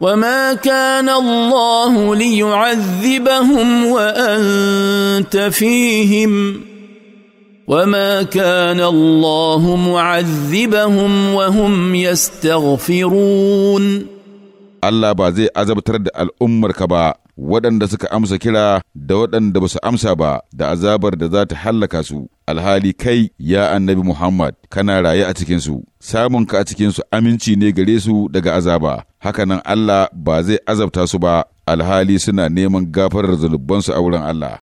وما كان الله ليعذبهم وانت فيهم وما كان الله معذبهم وهم يستغفرون Allah ba zai azabtar da al'ummarka ba waɗanda suka amsa kira da waɗanda ba su amsa ba da azabar da za ta hallaka su alhali kai ya annabi Muhammad kana raye a cikinsu samunka a cikinsu aminci ne gare su daga azaba hakanan Allah ba zai azabta su ba alhali suna neman gafarar zunubansu a wurin Allah.